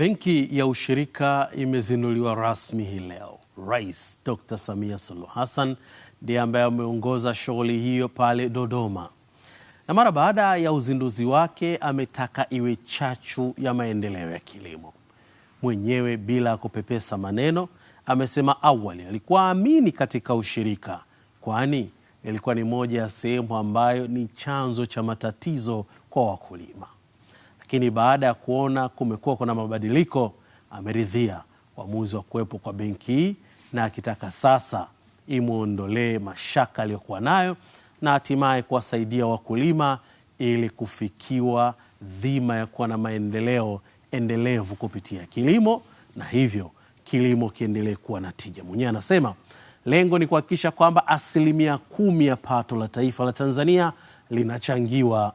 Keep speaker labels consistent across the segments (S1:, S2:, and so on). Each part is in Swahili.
S1: Benki ya Ushirika imezinduliwa rasmi hii leo. Rais Dr. Samia Suluhu Hassan ndiye ambaye ameongoza shughuli hiyo pale Dodoma, na mara baada ya uzinduzi wake ametaka iwe chachu ya maendeleo ya kilimo. Mwenyewe bila kupepesa maneno, amesema awali alikuwa amini katika ushirika, kwani ilikuwa ni moja ya sehemu ambayo ni chanzo cha matatizo kwa wakulima lakini baada ya kuona kumekuwa kuna mabadiliko ameridhia uamuzi wa kuwepo kwa benki hii na akitaka sasa imwondolee mashaka aliyokuwa nayo na hatimaye kuwasaidia wakulima ili kufikiwa dhima ya kuwa na maendeleo endelevu kupitia kilimo na hivyo kilimo kiendelee kuwa na tija. Mwenyewe anasema lengo ni kuhakikisha kwamba asilimia kumi ya pato la taifa la Tanzania linachangiwa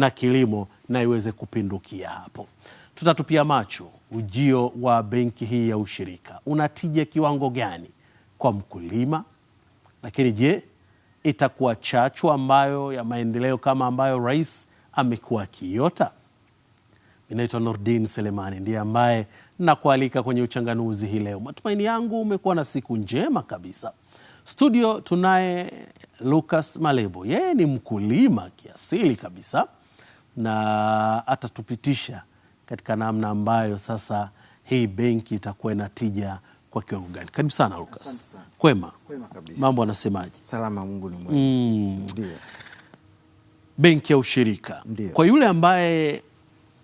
S1: na kilimo na iweze kupindukia hapo. Tutatupia macho ujio wa benki hii ya ushirika, unatija kiwango gani kwa mkulima? Lakini je, itakuwa chachu ambayo ya maendeleo kama ambayo rais amekuwa akiota? Inaitwa Nordin Selemani, ndiye ambaye nakualika kwenye uchanganuzi hii leo. Matumaini yangu umekuwa na siku njema kabisa. Studio tunaye Lucas Malebo, yeye ni mkulima kiasili kabisa na atatupitisha katika namna ambayo sasa hii benki itakuwa ina tija kwa kiwango gani. Karibu sana Lukas. Kwema, kwema kabisa. Mambo anasemaje?
S2: Salama, Mungu ni mwema.
S1: Mm. Ndio. Benki ya ushirika. Ndiyo. Kwa yule ambaye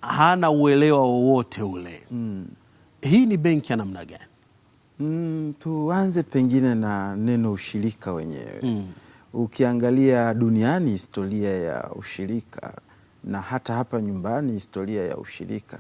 S1: hana uelewa wowote ule mm. hii ni benki ya namna gani?
S2: Mm, tuanze pengine na neno ushirika wenyewe mm. Ukiangalia duniani historia ya ushirika na hata hapa nyumbani historia ya ushirika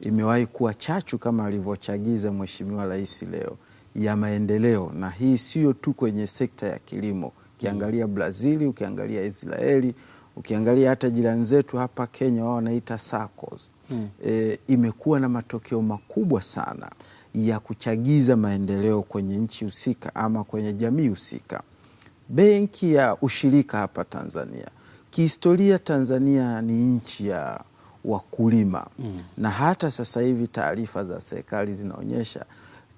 S2: imewahi kuwa chachu kama alivyochagiza Mheshimiwa Rais leo ya maendeleo, na hii siyo tu kwenye sekta ya kilimo. Ukiangalia Brazili, ukiangalia Israeli, ukiangalia hata jirani zetu hapa Kenya, wao wanaita SACCOS hmm. E, imekuwa na matokeo makubwa sana ya kuchagiza maendeleo kwenye nchi husika ama kwenye jamii husika. Benki ya ushirika hapa Tanzania Kihistoria Tanzania ni nchi ya wakulima mm. na hata sasa hivi taarifa za serikali zinaonyesha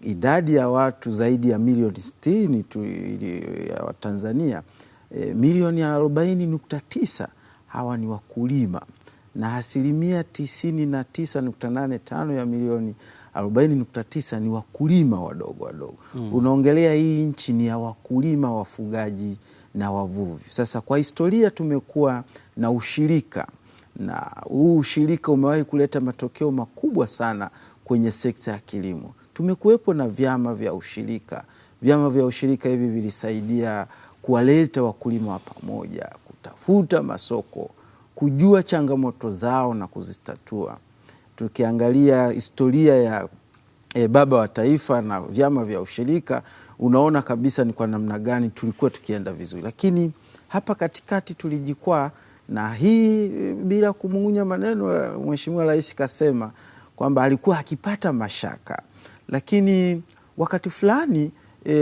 S2: idadi ya watu zaidi ya milioni sitini tu ya Watanzania e, milioni arobaini nukta tisa hawa ni wakulima na asilimia tisini na tisa nukta nane tano ya milioni arobaini nukta tisa ni wakulima wadogo wadogo mm. Unaongelea hii nchi ni ya wakulima wafugaji na wavuvi. Sasa kwa historia tumekuwa na ushirika na huu ushirika umewahi kuleta matokeo makubwa sana kwenye sekta ya kilimo. Tumekuwepo na vyama vya ushirika. Vyama vya ushirika hivi vilisaidia kuwaleta wakulima wa pamoja, kutafuta masoko, kujua changamoto zao na kuzitatua. Tukiangalia historia ya e, baba wa taifa na vyama vya ushirika unaona kabisa ni kwa namna gani tulikuwa tukienda vizuri, lakini hapa katikati tulijikwaa, na hii bila kumung'unya maneno, Mheshimiwa Rais kasema kwamba alikuwa akipata mashaka, lakini wakati fulani e,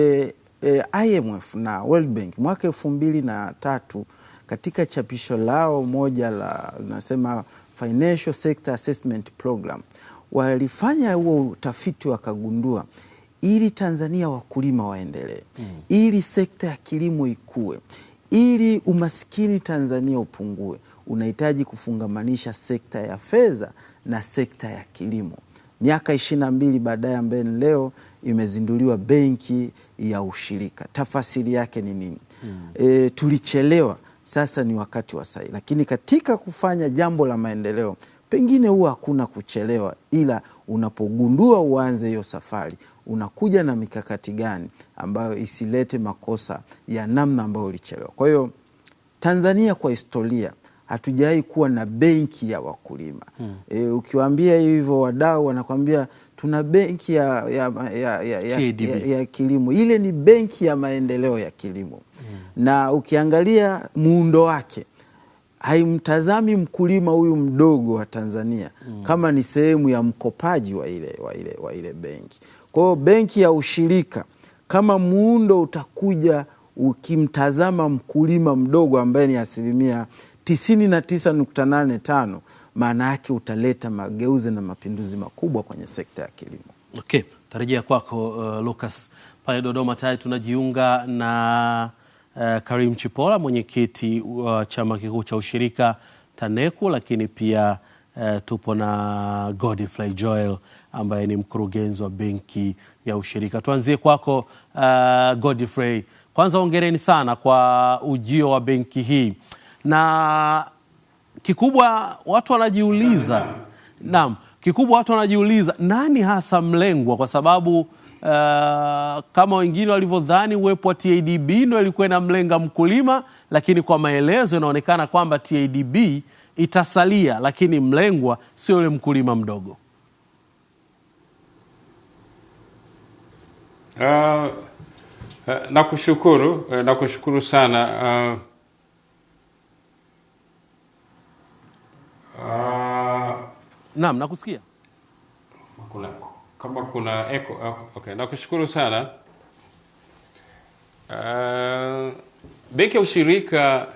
S2: e, IMF na World Bank mwaka elfu mbili na tatu katika chapisho lao moja la nasema Financial Sector Assessment Program walifanya huo utafiti wakagundua ili Tanzania wakulima waendelee mm. ili sekta ya kilimo ikue, ili umaskini Tanzania upungue, unahitaji kufungamanisha sekta ya fedha na sekta ya kilimo. Miaka ishirini na mbili baadaye, ambaye leo imezinduliwa benki ya ushirika, tafasiri yake ni nini? mm. E, tulichelewa, sasa ni wakati wa sahihi, lakini katika kufanya jambo la maendeleo pengine huwa hakuna kuchelewa, ila unapogundua uanze hiyo safari unakuja na mikakati gani ambayo isilete makosa ya namna ambayo ulichelewa. Kwa hiyo Tanzania kwa historia hatujawahi kuwa na benki ya wakulima hmm. E, ukiwaambia hivyo wadau wanakwambia tuna benki ya, ya, ya, ya, ya, ya kilimo. Ile ni benki ya maendeleo ya kilimo hmm. Na ukiangalia muundo wake haimtazami mkulima huyu mdogo wa Tanzania hmm. kama ni sehemu ya mkopaji wa ile, wa ile, wa ile benki. Kwa hiyo benki ya ushirika kama muundo utakuja ukimtazama mkulima mdogo ambaye ni asilimia tisini na tisa nukta nane tano maana yake utaleta mageuzi na mapinduzi makubwa kwenye sekta ya kilimo.
S1: Okay, tarajia kwako uh, Lucas pale Dodoma. Tayari tunajiunga na uh, Karim Chipola, mwenyekiti wa uh, chama kikuu cha ushirika TANECU, lakini pia uh, tupo na Godfrey Joel ambaye ni mkurugenzi wa benki ya ushirika. Tuanzie kwako uh, Godfrey. Kwanza hongereni sana kwa ujio wa benki hii, na kikubwa watu wanajiuliza naam, kikubwa watu wanajiuliza nani hasa mlengwa, kwa sababu uh, kama wengine walivyodhani uwepo wa TADB ndo ilikuwa inamlenga mkulima, lakini kwa maelezo inaonekana kwamba TADB itasalia, lakini mlengwa sio yule mkulima mdogo.
S3: Uh, nakushukuru eh, nakushukuru sana uh,
S1: uh, naam, nakusikia
S3: kuna, kama kuna echo okay. Nakushukuru sana uh, Benki ya Ushirika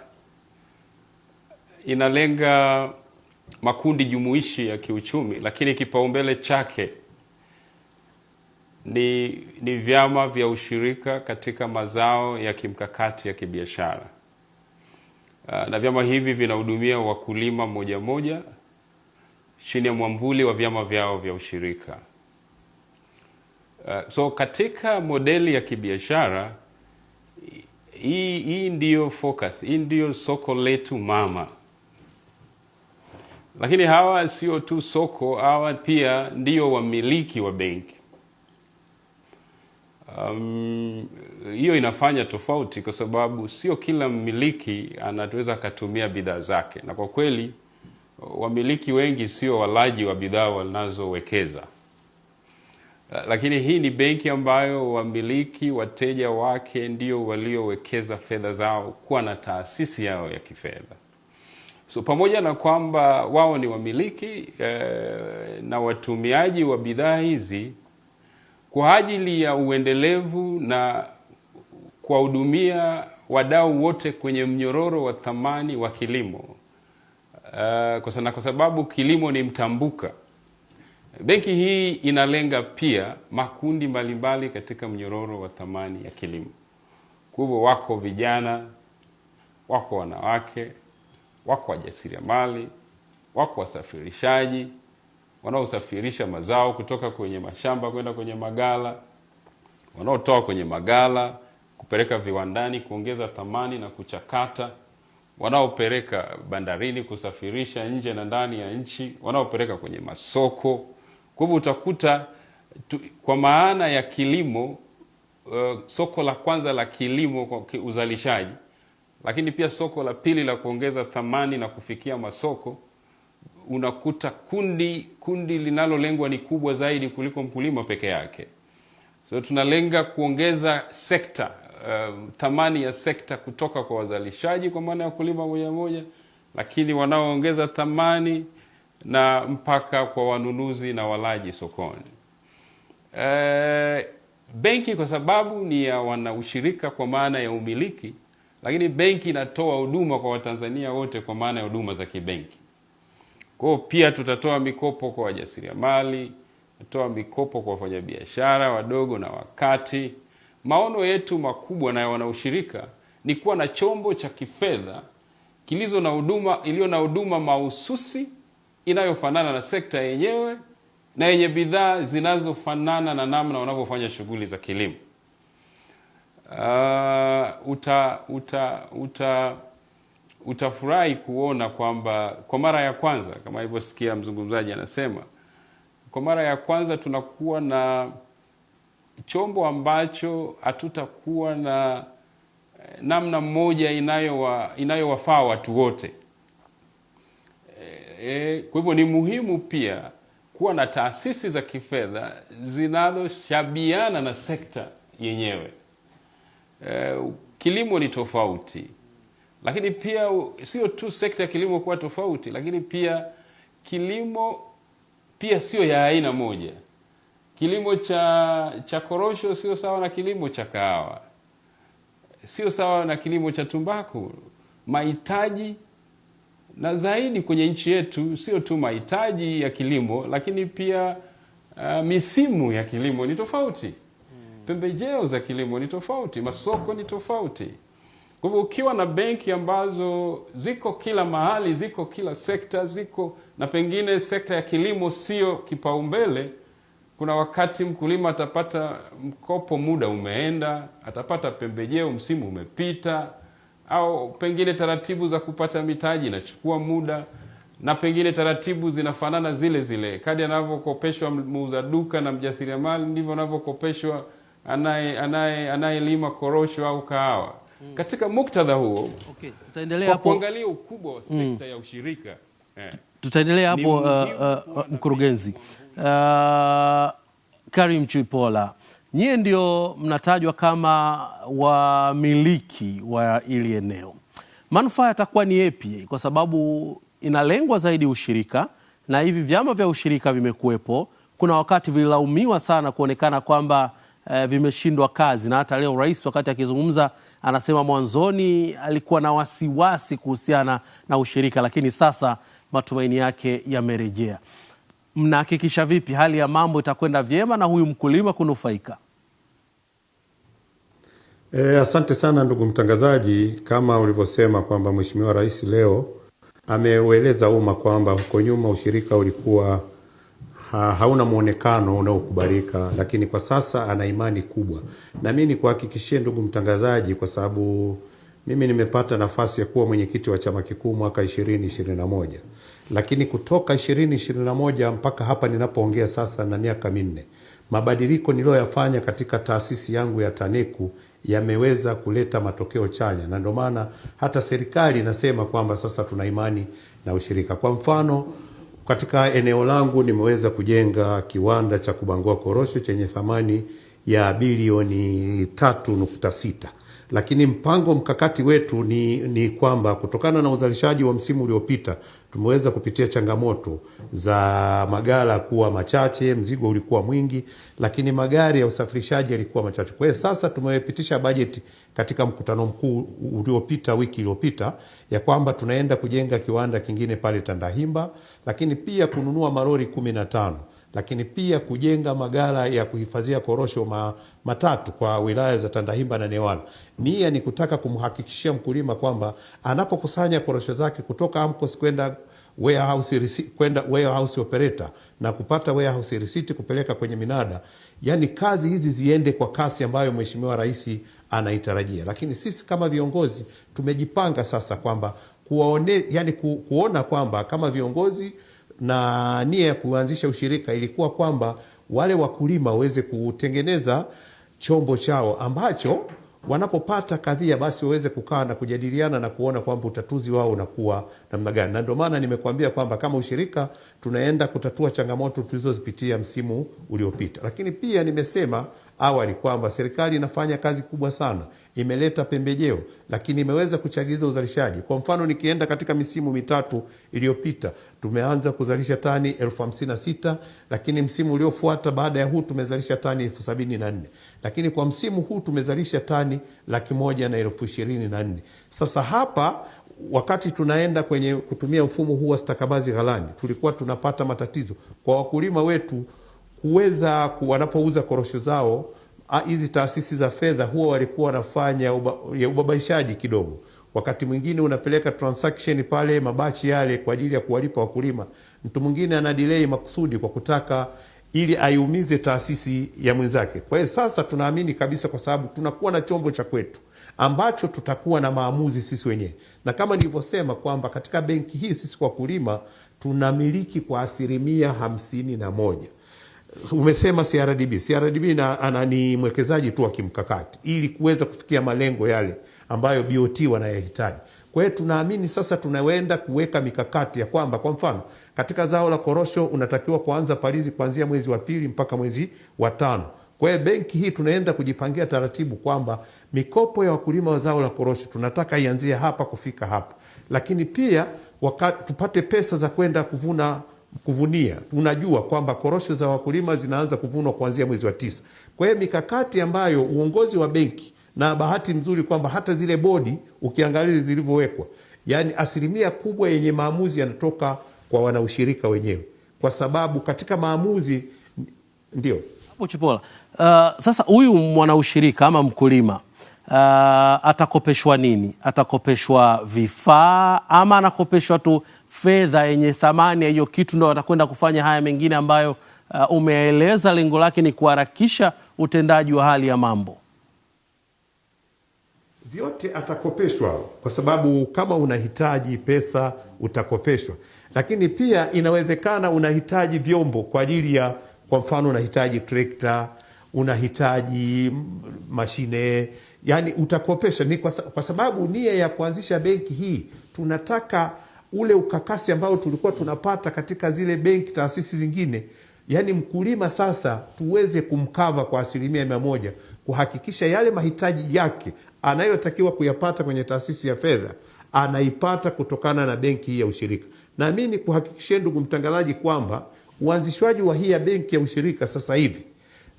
S3: inalenga makundi jumuishi ya kiuchumi, lakini kipaumbele chake ni, ni vyama vya ushirika katika mazao ya kimkakati ya kibiashara ah, na vyama hivi vinahudumia wakulima moja moja chini ya mwamvuli wa vyama vyao vya ushirika. Ah, so katika modeli ya kibiashara hii, hii ndiyo focus, hii ndiyo soko letu mama. Lakini hawa sio tu soko, hawa pia ndiyo wamiliki wa benki Um, hiyo um, inafanya tofauti kwa sababu sio kila mmiliki anaweza akatumia bidhaa zake, na kwa kweli wamiliki wengi sio walaji wa bidhaa wanazowekeza. Uh, lakini hii ni benki ambayo wamiliki, wateja wake ndio waliowekeza fedha zao kuwa na taasisi yao ya kifedha. So pamoja na kwamba wao ni wamiliki eh, na watumiaji wa bidhaa hizi kwa ajili ya uendelevu na kuwahudumia wadau wote kwenye mnyororo wa thamani wa kilimo. Uh, na kwa sababu kilimo ni mtambuka, benki hii inalenga pia makundi mbalimbali katika mnyororo wa thamani ya kilimo. Kwa hivyo wako vijana, wako wanawake, wako wajasiriamali, wako wasafirishaji wanaosafirisha mazao kutoka kwenye mashamba kwenda kwenye magala, wanaotoa kwenye magala kupeleka viwandani kuongeza thamani na kuchakata, wanaopeleka bandarini kusafirisha nje na ndani ya nchi, wanaopeleka kwenye masoko. Kwa hivyo utakuta tu, kwa maana ya kilimo uh, soko la kwanza la kilimo kwa uzalishaji, lakini pia soko la pili la kuongeza thamani na kufikia masoko unakuta kundi kundi linalolengwa ni kubwa zaidi kuliko mkulima peke yake. So tunalenga kuongeza sekta uh, thamani ya sekta kutoka kwa wazalishaji kwa maana ya wakulima moja moja, lakini wanaoongeza thamani na mpaka kwa wanunuzi na walaji sokoni. Uh, benki kwa sababu ni ya wanaushirika kwa maana ya umiliki, lakini benki inatoa huduma kwa Watanzania wote kwa maana ya huduma za kibenki. Kwa pia tutatoa mikopo kwa wajasiriamali, tutatoa mikopo kwa wafanyabiashara wadogo na wakati. Maono yetu makubwa na wanaushirika ni kuwa na chombo cha kifedha kilizo na huduma iliyo na huduma mahususi inayofanana na sekta yenyewe na yenye bidhaa zinazofanana na namna wanavyofanya shughuli za kilimo. Uh, uta uta uta utafurahi kuona kwamba kwa mara ya kwanza kama alivyosikia mzungumzaji anasema, kwa mara ya kwanza tunakuwa na chombo ambacho hatutakuwa na eh, namna moja inayowa inayowafaa watu wote. E, e, kwa hivyo ni muhimu pia kuwa na taasisi za kifedha zinazoshabiana na sekta yenyewe. E, kilimo ni tofauti lakini pia sio tu sekta ya kilimo kuwa tofauti, lakini pia kilimo pia sio ya aina moja. Kilimo cha cha korosho sio sawa na kilimo cha kahawa, sio sawa na kilimo cha tumbaku. Mahitaji na zaidi kwenye nchi yetu sio tu mahitaji ya kilimo, lakini pia uh, misimu ya kilimo ni tofauti, hmm. pembejeo za kilimo ni tofauti, masoko ni tofauti. Kwa hivyo ukiwa na benki ambazo ziko kila mahali, ziko kila sekta, ziko na pengine sekta ya kilimo sio kipaumbele, kuna wakati mkulima atapata mkopo, muda umeenda, atapata pembejeo, msimu umepita, au pengine taratibu za kupata mitaji inachukua muda, na pengine taratibu zinafanana zile zile. Kadi anavyokopeshwa muuza duka na mjasiriamali, ndivyo anavyokopeshwa anayelima korosho au kahawa mm. Katika muktadha huo
S1: okay. kwa
S3: kuangalia ukubwa wa mm. sekta mm. ya ushirika
S1: eh. Tutaendelea hapo uh, uh, uh mkurugenzi uh, Karim Chipola, nyie ndio mnatajwa kama wamiliki wa ili eneo, manufaa yatakuwa ni yapi? Kwa sababu inalengwa zaidi ushirika na hivi vyama vya ushirika vimekuwepo, kuna wakati vililaumiwa sana kuonekana kwamba eh, vimeshindwa kazi, na hata leo rais wakati akizungumza Anasema mwanzoni alikuwa na wasiwasi kuhusiana na ushirika, lakini sasa matumaini yake yamerejea. Mnahakikisha vipi hali ya mambo itakwenda vyema na huyu mkulima kunufaika?
S4: E, asante sana ndugu mtangazaji. Kama ulivyosema kwamba Mheshimiwa Rais leo ameueleza umma kwamba huko nyuma ushirika ulikuwa ha, hauna mwonekano unaokubalika, lakini kwa sasa ana imani kubwa. Na mimi nikuhakikishie ndugu mtangazaji, kwa sababu mimi nimepata nafasi ya kuwa mwenyekiti wa chama kikuu mwaka 2021 lakini kutoka 2021 mpaka hapa ninapoongea sasa, na miaka minne, mabadiliko niliyoyafanya katika taasisi yangu ya TANECU yameweza kuleta matokeo chanya, na ndio maana hata serikali inasema kwamba sasa tuna imani na ushirika. Kwa mfano katika eneo langu nimeweza kujenga kiwanda cha kubangua korosho chenye thamani ya bilioni tatu nukta sita, lakini mpango mkakati wetu ni, ni kwamba kutokana na uzalishaji wa msimu uliopita tumeweza kupitia changamoto za magala kuwa machache, mzigo ulikuwa mwingi, lakini magari ya usafirishaji yalikuwa machache. Kwa hiyo sasa tumepitisha bajeti katika mkutano mkuu uliopita wiki iliyopita ya kwamba tunaenda kujenga kiwanda kingine pale Tandahimba lakini pia kununua marori kumi na tano lakini pia kujenga magala ya kuhifadhia korosho ma, matatu kwa wilaya za Tandahimba na Newala. Nia ni kutaka kumhakikishia mkulima kwamba anapokusanya korosho zake kutoka AMCOS kwenda warehouse receipt, kwenda warehouse operator na kupata warehouse receipt kupeleka kwenye minada, yani kazi hizi ziende kwa kasi ambayo Mheshimiwa Rais anaitarajia. Lakini sisi kama viongozi tumejipanga sasa kwamba kuwaone, yani ku, kuona kwamba kama viongozi na nia ya kuanzisha ushirika ilikuwa kwamba wale wakulima waweze kutengeneza chombo chao ambacho wanapopata kadhia basi waweze kukaa na kujadiliana na kuona kwamba utatuzi wao unakuwa namna gani, na ndio maana nimekuambia kwamba kama ushirika tunaenda kutatua changamoto tulizozipitia msimu uliopita, lakini pia nimesema awali kwamba serikali inafanya kazi kubwa sana, imeleta pembejeo, lakini imeweza kuchagiza uzalishaji. Kwa mfano, nikienda katika misimu mitatu iliyopita tumeanza kuzalisha tani elfu hamsini na sita lakini msimu uliofuata baada ya huu tumezalisha tani elfu sabini na nne lakini kwa msimu huu tumezalisha tani laki moja na elfu ishirini na nne Sasa hapa wakati tunaenda kwenye kutumia mfumo huu wa stakabadhi ghalani, tulikuwa tunapata matatizo kwa wakulima wetu huweza wanapouza korosho zao hizi taasisi za fedha huwa walikuwa wanafanya uba, ubabaishaji kidogo. Wakati mwingine unapeleka transaction pale mabachi yale kwa ajili ya kuwalipa wakulima. Mtu mwingine ana delay makusudi kwa kutaka ili aiumize taasisi ya mwenzake. Kwa hiyo sasa tunaamini kabisa, kwa sababu tunakuwa na chombo cha kwetu ambacho tutakuwa na maamuzi sisi wenyewe, na kama nilivyosema kwamba katika benki hii sisi wakulima tunamiliki kwa asilimia hamsini na moja. Umesema CRDB. CRDB na, ana, ni mwekezaji tu wa kimkakati ili kuweza kufikia malengo yale ambayo BOT wanayahitaji. Kwa hiyo tunaamini sasa tunaenda kuweka mikakati ya kwamba kwa mfano katika zao la korosho unatakiwa kuanza palizi kuanzia mwezi wa pili mpaka mwezi wa tano. Kwa hiyo benki hii tunaenda kujipangia taratibu kwamba mikopo ya wakulima wa zao la korosho tunataka ianzie hapa kufika hapa, lakini pia wakati tupate pesa za kwenda kuvuna kuvunia. Unajua kwamba korosho za wakulima zinaanza kuvunwa kuanzia mwezi wa tisa. Kwa hiyo mikakati ambayo uongozi wa benki na bahati nzuri kwamba hata zile bodi ukiangalia zilivyowekwa, yani asilimia kubwa yenye maamuzi yanatoka kwa wanaushirika wenyewe, kwa sababu katika maamuzi ndio
S1: hapo Chipola. Uh, sasa huyu mwanaushirika ama mkulima uh, atakopeshwa nini? Atakopeshwa vifaa ama anakopeshwa tu fedha yenye thamani ya hiyo kitu, ndo watakwenda kufanya haya mengine ambayo uh, umeeleza lengo lake ni kuharakisha utendaji wa hali ya mambo.
S4: Vyote atakopeshwa, kwa sababu kama unahitaji pesa utakopeshwa, lakini pia inawezekana unahitaji vyombo kwa ajili ya, kwa mfano, unahitaji trekta, unahitaji mashine, yani utakopesha. Ni kwa sababu nia ya kuanzisha benki hii tunataka ule ukakasi ambao tulikuwa tunapata katika zile benki, taasisi zingine, yaani mkulima sasa tuweze kumkava kwa asilimia mia moja, kuhakikisha yale mahitaji yake anayotakiwa kuyapata kwenye taasisi ya fedha anaipata kutokana na benki hii ya ushirika. Na mimi ndugu mtangazaji kwamba uanzishwaji wa hii ya benki ya ushirika sasa hivi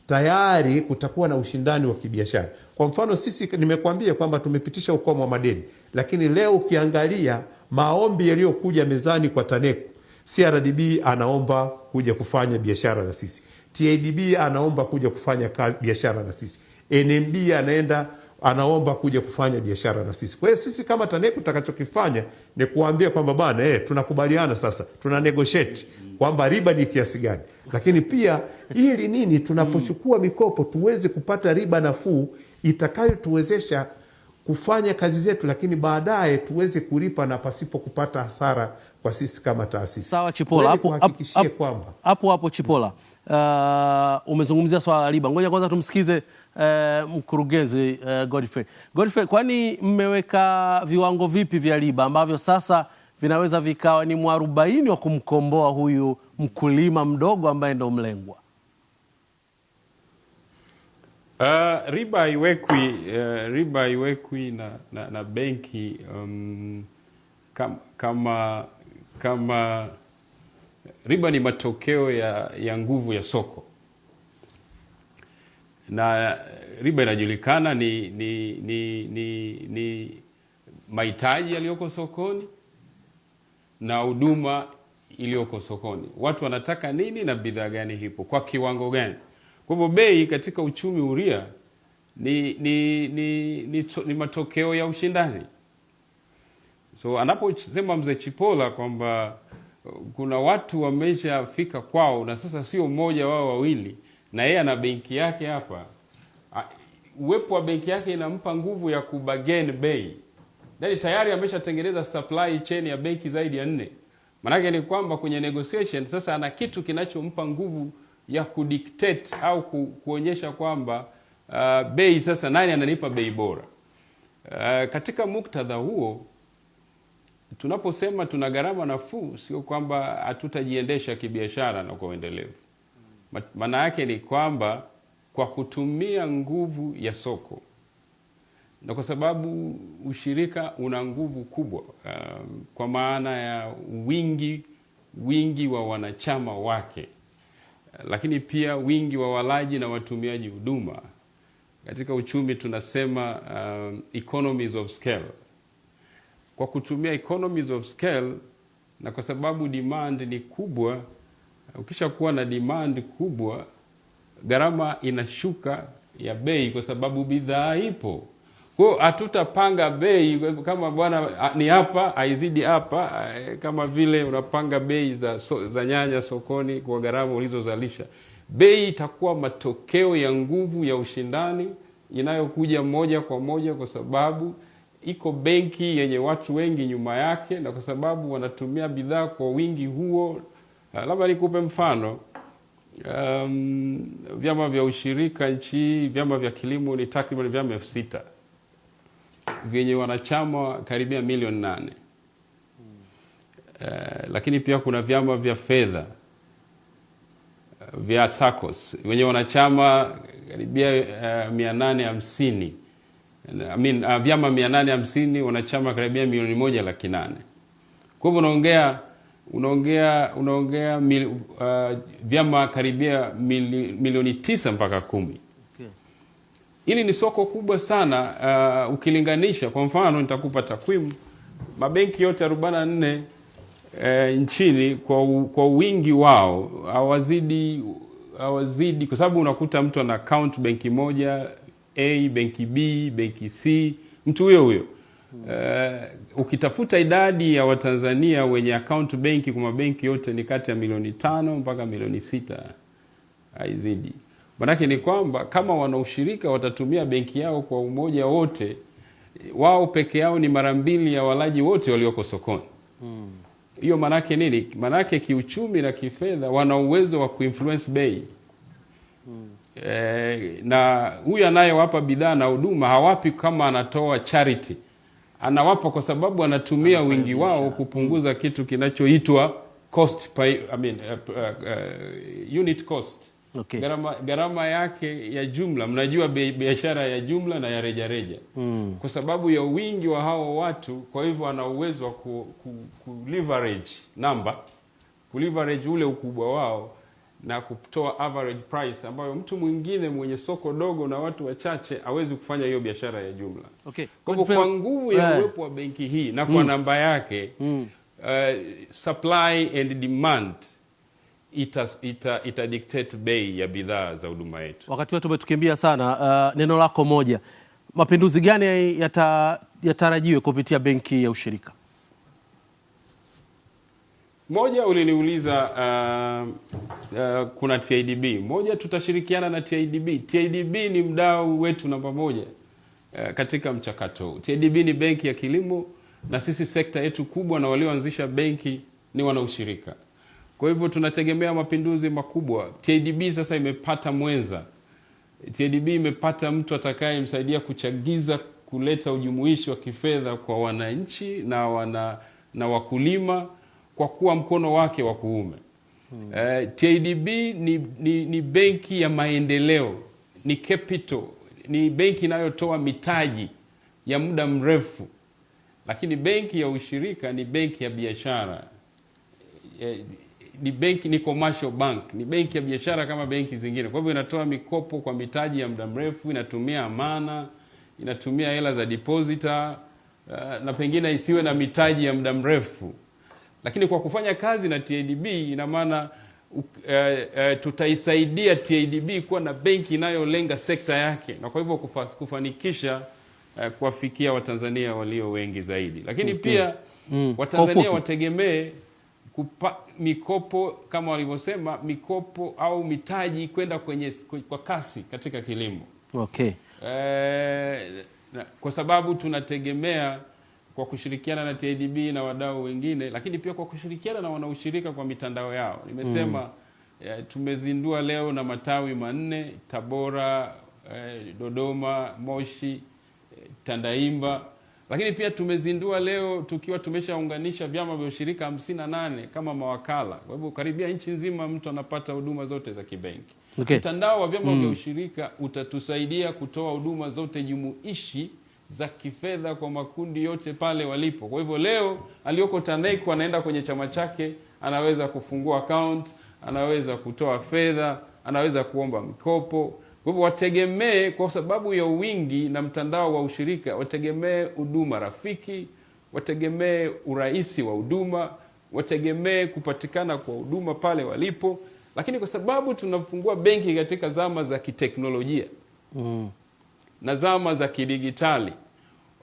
S4: tayari kutakuwa na ushindani wa kibiashara. Kwa mfano sisi, nimekuambia kwamba tumepitisha ukomo wa madeni, lakini leo ukiangalia maombi yaliyokuja mezani kwa TANECU, CRDB anaomba kuja kufanya biashara na sisi, TADB anaomba kuja kufanya biashara na sisi, NMB anaenda anaomba kuja kufanya biashara na sisi. Kwa hiyo sisi kama TANECU tutakachokifanya ni kuambia kwamba bana, eh, tunakubaliana sasa, tuna negotiate kwamba riba ni kiasi gani, lakini pia ili nini, tunapochukua mikopo tuweze kupata riba nafuu itakayotuwezesha kufanya kazi zetu, lakini baadaye tuweze kulipa na pasipo kupata hasara kwa sisi kama taasisi.
S1: Sawa Chipola, hapo hapo hapo Chipola. Uh, umezungumzia swala la riba. Ngoja kwanza tumsikize uh, mkurugenzi uh, Godfrey. Godfrey, kwani mmeweka viwango vipi vya riba ambavyo sasa vinaweza vikawa ni mwarobaini wa kumkomboa huyu mkulima mdogo ambaye ndo mlengwa?
S3: Uh, riba iwekwi uh, riba iwekwi na, na, na benki um, kam, kama kama riba ni matokeo ya, ya nguvu ya soko na riba inajulikana ni ni ni ni, ni mahitaji yaliyoko sokoni na huduma iliyoko sokoni. Watu wanataka nini na bidhaa gani hipo kwa kiwango gani? Kwa hivyo bei katika uchumi huria ni ni, ni ni ni matokeo ya ushindani. So anaposema mzee Chipola kwamba uh, kuna watu wameshafika kwao na sasa sio mmoja wao wawili, na yeye ana benki yake hapa. Uwepo wa benki yake inampa nguvu ya kubagen bei, yaani tayari ameshatengeneza supply chain ya benki zaidi ya nne. Maanake ni kwamba kwenye negotiation sasa ana kitu kinachompa nguvu ya kudictate au ku, kuonyesha kwamba uh, bei sasa, nani ananipa bei bora? Uh, katika muktadha huo tunaposema tuna gharama nafuu, sio kwamba hatutajiendesha kibiashara na kwa uendelevu. Maana yake ni kwamba kwa kutumia nguvu ya soko na kwa sababu ushirika una nguvu kubwa, uh, kwa maana ya wingi wingi wa wanachama wake lakini pia wingi wa walaji na watumiaji huduma. Katika uchumi tunasema um, economies of scale. Kwa kutumia economies of scale na kwa sababu demand ni kubwa, ukishakuwa na demand kubwa, gharama inashuka ya bei kwa sababu bidhaa ipo. Kwa hatutapanga bei kama bwana ni hapa aizidi hapa, kama vile unapanga bei za, so, za nyanya sokoni kwa gharama ulizozalisha. Bei itakuwa matokeo ya nguvu ya ushindani inayokuja moja kwa moja, kwa sababu iko benki yenye watu wengi nyuma yake, na kwa sababu wanatumia bidhaa kwa wingi huo. Labda nikupe mfano. Um, vyama vya ushirika nchi, vyama vya kilimo ni takriban vyama elfu sita vyenye wanachama karibia milioni nane. Uh, lakini pia kuna vyama vya fedha uh, vya SACCOS wenye wanachama karibia uh, mia nane hamsini I mean, uh, vyama mia nane hamsini wanachama karibia milioni moja laki nane. Kwa hivyo unaongea unaongea unaongea mil, uh, vyama karibia mil, milioni tisa mpaka kumi Hili ni soko kubwa sana uh, ukilinganisha. Kwa mfano nitakupa takwimu, mabenki yote 44 uh, nchini kwa, kwa wingi wao hawazidi hawazidi, kwa sababu unakuta mtu ana account benki moja A, benki B, benki C, mtu huyo huyo Uh, ukitafuta idadi ya Watanzania wenye account benki kwa mabenki yote ni kati ya milioni tano mpaka milioni sita haizidi manake ni kwamba kama wanaushirika watatumia benki yao kwa umoja wote, wao peke yao ni mara mbili ya walaji wote walioko sokoni hmm. hiyo. hmm. Maanake nini? manake kiuchumi na kifedha wana uwezo wa kuinfluence bei. hmm. E, na huyu anayewapa bidhaa na huduma hawapi kama anatoa charity, anawapa kwa sababu anatumia wingi wao kupunguza hmm. kitu kinachoitwa cost, I mean, uh, uh, uh, unit cost okay. Gharama, gharama yake ya jumla, mnajua biashara ya jumla na ya rejareja mm. Kwa sababu ya wingi wa hao watu, kwa hivyo ana uwezo wa ku, ku, ku leverage namba, ku leverage ule ukubwa wao na kutoa average price ambayo mtu mwingine mwenye soko dogo na watu wachache hawezi kufanya hiyo biashara ya jumla. Okay. Kwa kwa nguvu ya eh. uwepo wa benki hii na kwa mm. namba yake mm. uh, supply and demand ita, ita, dictate bei ya bidhaa za huduma yetu.
S1: Wakati wetu umetukimbia sana. Uh, neno lako moja, mapinduzi gani yatarajiwe yata kupitia benki ya ushirika?
S3: Moja uliniuliza uh, uh, kuna TIDB. Moja tutashirikiana na TIDB. TIDB ni mdau wetu namba moja uh, katika mchakato huu. TIDB ni benki ya kilimo na sisi sekta yetu kubwa na walioanzisha benki ni wanaushirika. Kwa hivyo tunategemea mapinduzi makubwa. TADB sasa imepata mwenza. TADB imepata mtu atakayemsaidia kuchagiza kuleta ujumuishi wa kifedha kwa wananchi na wana, na wakulima kwa kuwa mkono wake wa kuume. Hmm. Uh, eh, TADB ni, ni, ni benki ya maendeleo, ni capital, ni benki inayotoa mitaji ya muda mrefu, lakini benki ya ushirika ni benki ya biashara. Eh, ni benki ni commercial bank, ni benki ya biashara kama benki zingine. Kwa hivyo inatoa mikopo kwa mitaji ya muda mrefu, inatumia amana, inatumia hela za depositor eh, na pengine isiwe na mitaji ya muda mrefu, lakini kwa kufanya kazi na TADB ina maana uh, uh, tutaisaidia TADB kuwa na benki inayolenga sekta yake na kwa hivyo kufanikisha uh, kuwafikia Watanzania walio wengi zaidi, lakini okay. pia mm. Watanzania wategemee kupa, mikopo kama walivyosema mikopo au mitaji kwenda kwenye kwa kasi katika kilimo okay. E, na, kwa sababu tunategemea kwa kushirikiana na TADB na wadau wengine, lakini pia kwa kushirikiana na wanaushirika kwa mitandao yao nimesema mm. E, tumezindua leo na matawi manne Tabora, e, Dodoma, Moshi, e, Tandaimba lakini pia tumezindua leo tukiwa tumeshaunganisha vyama vya ushirika hamsini na nane kama mawakala. Kwa hivyo karibia nchi nzima mtu anapata huduma zote za kibenki. Okay. Mtandao wa vyama mm. vya ushirika utatusaidia kutoa huduma zote jumuishi za kifedha kwa makundi yote pale walipo. Kwa hivyo leo aliyoko Tandaiko anaenda kwenye chama chake, anaweza kufungua account, anaweza kutoa fedha, anaweza kuomba mikopo, kwa hivyo wategemee, kwa sababu ya wingi na mtandao wa ushirika, wategemee huduma rafiki, wategemee urahisi wa huduma, wategemee kupatikana kwa huduma pale walipo. Lakini kwa sababu tunafungua benki katika zama za kiteknolojia mm. na zama za kidigitali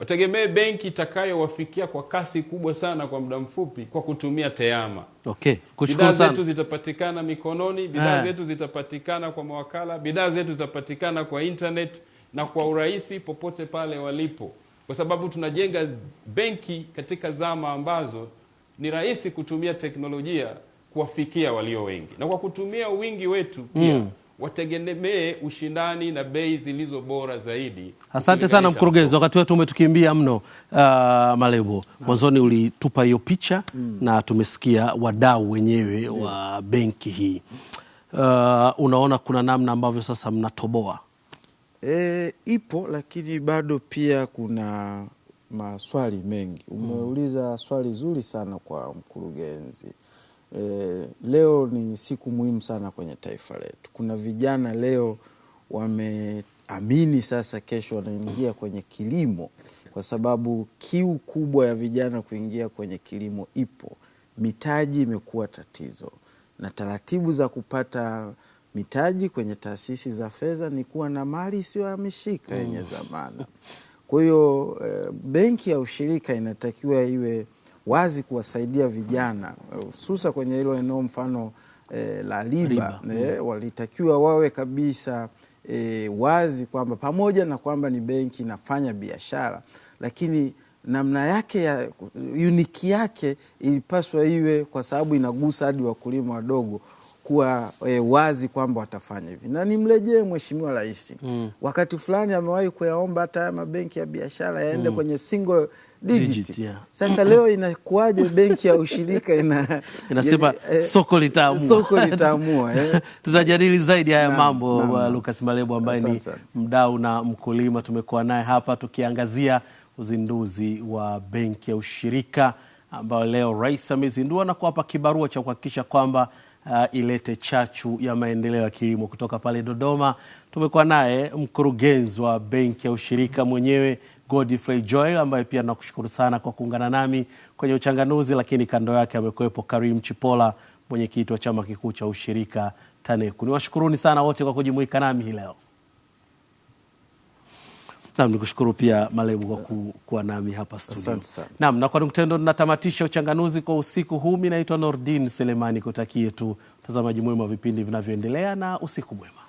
S3: wategemee benki itakayowafikia kwa kasi kubwa sana kwa muda mfupi kwa kutumia TEAMA.
S1: Okay, bidhaa zetu
S3: zitapatikana mikononi, bidhaa eh. zetu zitapatikana kwa mawakala, bidhaa zetu zitapatikana kwa internet na kwa urahisi popote pale walipo, kwa sababu tunajenga benki katika zama ambazo ni rahisi kutumia teknolojia kuwafikia walio wengi na kwa kutumia wingi wetu pia mm wategemee ushindani na bei zilizo bora zaidi.
S1: Asante sana mkurugenzi, wakati wetu umetukimbia mno. Uh, Malebo, mwanzoni ulitupa hiyo picha mm, na tumesikia wadau wenyewe yeah. wa benki hii uh, unaona kuna namna ambavyo sasa mnatoboa
S2: e, ipo lakini bado pia kuna maswali mengi. Mm. Umeuliza swali zuri sana kwa mkurugenzi. Eh, leo ni siku muhimu sana kwenye taifa letu. Kuna vijana leo wameamini sasa kesho wanaingia kwenye kilimo, kwa sababu kiu kubwa ya vijana kuingia kwenye kilimo ipo. Mitaji imekuwa tatizo, na taratibu za kupata mitaji kwenye taasisi za fedha ni kuwa na mali isiyohamishika yenye zamana. Mm. Kwa hiyo eh, benki ya ushirika inatakiwa iwe wazi kuwasaidia vijana hususa kwenye hilo eneo mfano e, la liba e, walitakiwa wawe kabisa e, wazi kwamba pamoja na kwamba ni benki inafanya biashara lakini namna yake ya uniki yake ilipaswa iwe kwa sababu inagusa hadi wakulima wadogo kuwa e, wazi kwamba watafanya hivi, na nimrejee Mheshimiwa Rais mm. wakati fulani amewahi kuyaomba hata haya mabenki ya biashara yaende mm. kwenye single digit. Sasa leo inakuwaje benki ya ushirika ina,
S1: inasema eh, soko litaamua,
S2: soko litaamua eh.
S1: Tutajadili zaidi haya mambo na, na, Lucas Malebo ambaye ni mdau na mkulima tumekuwa naye hapa tukiangazia uzinduzi wa benki ya ushirika ambayo leo rais amezindua na kuwapa kibarua cha kuhakikisha kwamba Uh, ilete chachu ya maendeleo ya kilimo. Kutoka pale Dodoma tumekuwa naye mkurugenzi wa benki ya ushirika mwenyewe Godfrey Joel ambaye pia nakushukuru sana kwa kuungana nami kwenye uchanganuzi, lakini kando yake amekuwepo Karim Chipola, mwenyekiti wa chama kikuu cha ushirika TANECU. Niwashukuruni sana wote kwa kujumuika nami hii leo. Naam, nikushukuru pia Malebu kwa ku, kuwa nami hapa studio. Naam, na kwa nukta natamatisha uchanganuzi kwa usiku huu. Mimi naitwa Nordin Selemani, kutakie tu mtazamaji mwema wa vipindi vinavyoendelea na usiku mwema.